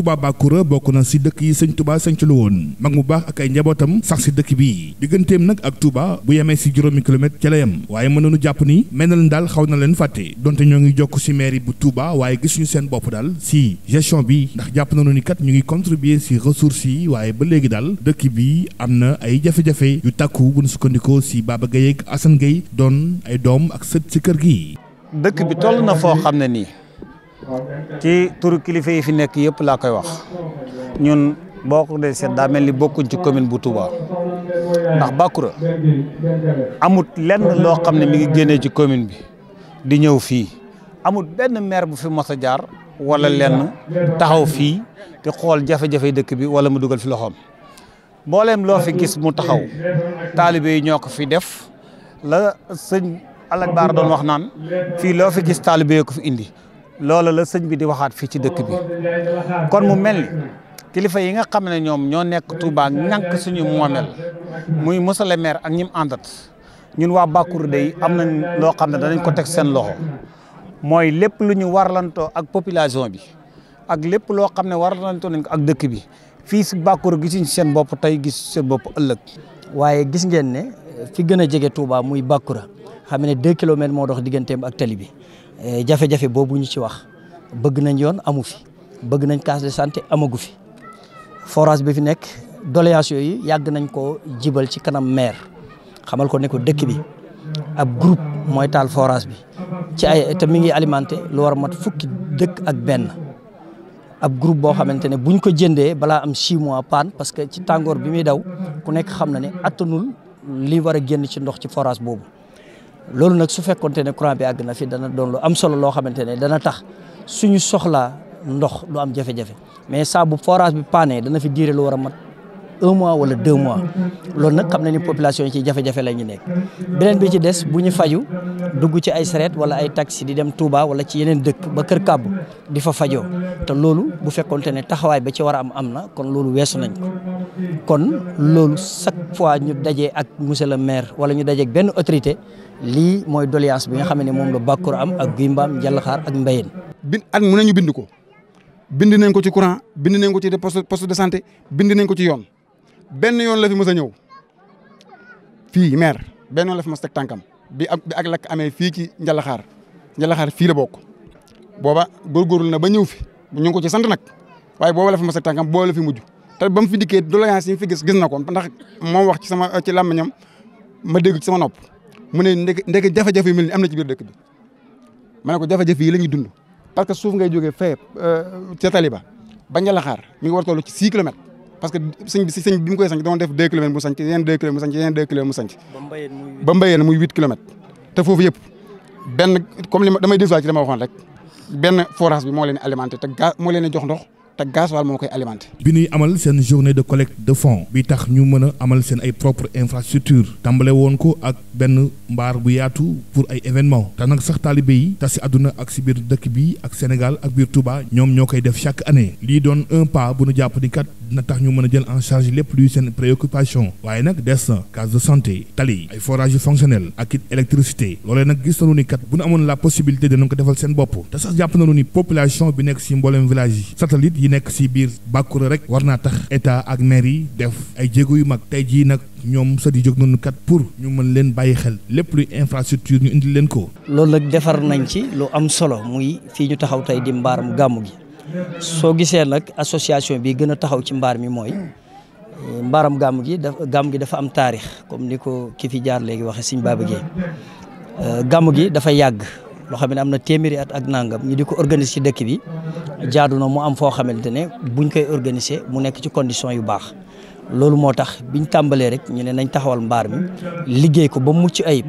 baa Bakura bokk na si dëkk yi sëñ Touba sëñ lu woon mag mu baax ak ay njabootam sax si dëkk bii digganteem nag ak Touba bu yemee si juróomi kilomètre ca la yem waaye mën nañu jàpp ni mel na leen daal xaw na leen fàtte donte ñoo ngi jokk si mairie bu Touba waaye gisuñu seen bopp daal si gestion bi ndax jàpp nañu ni kat ñu ngi contribuer si ressources yi waaye ba léegi daal dëkk bi am na ay jafe-jafe yu tàkku bu ñu sukkandikoo si Baba Gaye ak Assane doon ay doom ak sët si kër gi dëkk bi na nii ci turu kilifa yi fi nekk yëpp laa koy wax ñun boo ko dee daa mel ni bokkuñ ci commune bu Touba ndax Bakura amut lenn loo xam ne mi ngi génnee ci commune bi di ñëw fii amut benn maire bu fi mos a jaar wala lenn taxaw fii te xool jafe-jafe dëkk bi wala mu dugal fi loxoom mbooleem loo fi gis mu taxaw taalibe yi ñoo ko fi def la sëñ Alak Baar doon wax naan fii loo fi gis taalibe yi ko fi indi loola la sëñ bi di waxaat fii ci dëkk bi kon mu mel ni kilifa yi nga xam ne ñoom ñoo nekk Touba ñànk suñu moomeel muy monsieur le maire ak ñim àndat ñun waa Bakour dey am nañ loo xam ne danañ ko teg seen loxo mooy lépp lu ñu warlantoo ak population bi ak lépp loo xam ne warlantoo nañ ko ak dëkk bi fii si Bakour gisuñ seen bopp tey gis seen bopp ëllëg. waaye gis ngeen ne fi gën a jege Touba muy Bakoura xam ne 2 kilomètres moo dox digganteem ak tali bi. Eh, jafe-jafe boobu ñu ci wax bëgg nañ yoon amu fi bëgg nañ case de santé amagu fi forage bi fi nekk doléance yooyu yàgg nañ koo jibal ci kanam maire xamal ko ne ko dëkk bi ab groupe mooy taal forage bi ci ay te mi ngi alimenté lu mat fukki dëkk ak benn ab groupe boo xamante ne buñ ko jëndee balaa am 6 mois panne parce que ci tàngoor bi muy daw ku nekk xam na ne attanul li war a génn ci ndox ci forage boobu loolu nag su fekkonte ne courant bi àgg na fi dana doon lu am solo loo xamante ne dana tax suñu soxlaa ndox du am jafe-jafe mais saa bu forage bi paanee dana fi diire lu war a mat un mois wala deux mois loolu nag xam na ni population yi ci jafe-jafe la ñu nekk beneen bi ci des bu ñu faju dugg ci ay sareet wala ay taxi di dem Touba wala ci yeneen dëkk ba Kër Kàbb di fa fajo te loolu bu fekkonte ne taxawaay ba ci war a am am na kon loolu weesu nañ kon loolu chaque fois ñu dajee ak monsieur le maire wala ñu dajee benn autorité lii mooy doléance bi nga xam ne moom la Bakkour am ak Guy Mbaam Njàllaxaar ak Mbayeen bin at mu nañu bind ko bind nañ ko ci courant bind nañ ko ci poste de santé bind nañ ko ci yoon benn yoon la fi a ñëw fii maire benn yoon la fi mës tànkam bi ak ak lakk amee fii ci njallaxaar Njalaxaar fii la bokk booba góorgóorlu na ba ñëw fi ñu ngi ko ci sant nag waaye booba la fi mës teg tànkam booba la mujj te ba mu fi dikkee doléance yi fi gis gis na ko ndax moom wax ci sama ci làmmiñam ma dégg ci sama nopp mu ne ndeke ndeke jafe-jafe yu mel ni am na ci biir dëkk bi ma ne ko jafe-jafe yi la ñuy dund parce que suuf ngay jógee fee euh, ca taliba ba Njalaxaar mi ngi war toll ci six kilomètres parce que sëñ bi si sëñ bi mu koy sanc doon def 2 kilomètres mu sanc yeneen 2 kilomètres mu sanc yeneen 2 kilomètres mu sanc ba mbayeen muy 8 kilomètres te foofu yëpp benn comme li ma damay désuwaat ci dama waxoon rek benn forage bi moo leen alimenter te gaz moo leen jox ndox te gasoil moo koy alimenté. bi ñuy amal seen journée de collecte de fonds. bi tax ñu mën a amal seen ay propre infrastructure tàmbale woon ko ak benn mbaar bu yaatu pour ay événement te nag sax taalibe yi tas si àdduna ak si biir dëkk bi ak Sénégal ak biir Touba ñoom ñoo koy def chaque année. lii doon un bu nu jàpp ni kat. dina tax ñu mën a jël en charge lépp luy seen préoccupation waaye nag des na case de santé tali ay forage yu fonctionnel ak it électricité loolee nag gis nañu ni kat bu ñu amoon la possibilité dinañ ko defal seen bopp te sax jàpp nañu ni population bi nekk si mboolem village yi satellite yi nekk si biir Bakura rek war naa tax état ak maire yi def ay jéego yu mag tey jii nag ñoom sa di jóg nañu kat pour ñu mën leen bàyyi xel lépp luy infrastructure ñu indi leen ko. loolu nag defar nañ ci lu am solo muy fii ñu taxaw tey di mbaaram gi. soo gisee nag association bi gën a taxaw ci mbaar mi mooy eh, mbaaram gàmm gi da gàmm gi dafa am taarix comme ni ko ki fi jaar léegi waxee Sëñ Baaba Géey eh, gàmm gi dafa yàgg loo xam ne am na téeméeri at ak nangam ñu di ko organiser ci dëkk bi jaadu na mu am foo xamante ne buñ koy organiser mu nekk ci condition yu baax loolu moo tax biñ tàmbalee rek ñu ne nañ taxawal mbaar mi liggéey ko ba mu mucc ayib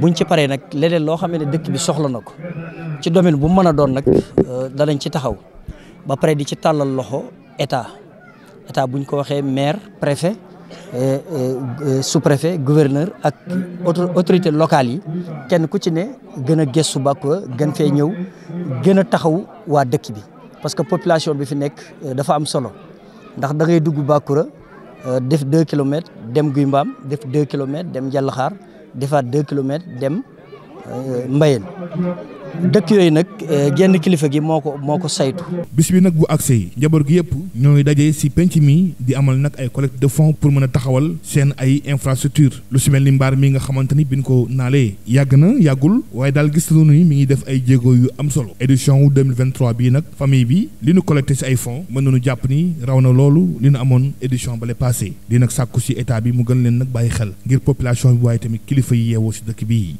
buñ ci paree nag leneen loo xam ne dëkk bi soxla na ko ci domaine bu mën a doon nag euh, danañ ci taxaw ba pare di ci tàllal loxo état état bu buñ ko waxee maire préfet euh, euh, sous-préfet gouverneur ak autorité locale yi kenn ku ci ne gën a gëstu bàkk gën fee ñëw gën a taxaw waa dëkk bi parce que population bi fi nekk dafa am solo ndax da ngay dugg Bakura def deux kilomètres dem Guy Mbaam def deux kilomètres dem Jallaxaar defaat deux kilomètres dem Mbayeen dëkk yooyu nag eh, genn kilifa gi moo ko moo ko saytu. bis bi nag bu àggsee yi njaboot gi yëpp ñoo ngi daje si penc mi di amal nag ay collecte de fonds pour mën a taxawal seen ay infrastructure lu si mel ni mbaar mi nga xamante ni biñ ko naalee yàgg na yàggul waaye daal gis nañu ni mi ngi def ay jéego yu am solo édition wu 2023 bii nag famille bi li ñu collecté si ay fonds mën na nañu jàpp ni raw na loolu li nu amoon édition bale passé di nag sàkku si état bi mu gën leen nag bàyyi xel ngir population bi waaye tamit kilifa yi si dëkk bii.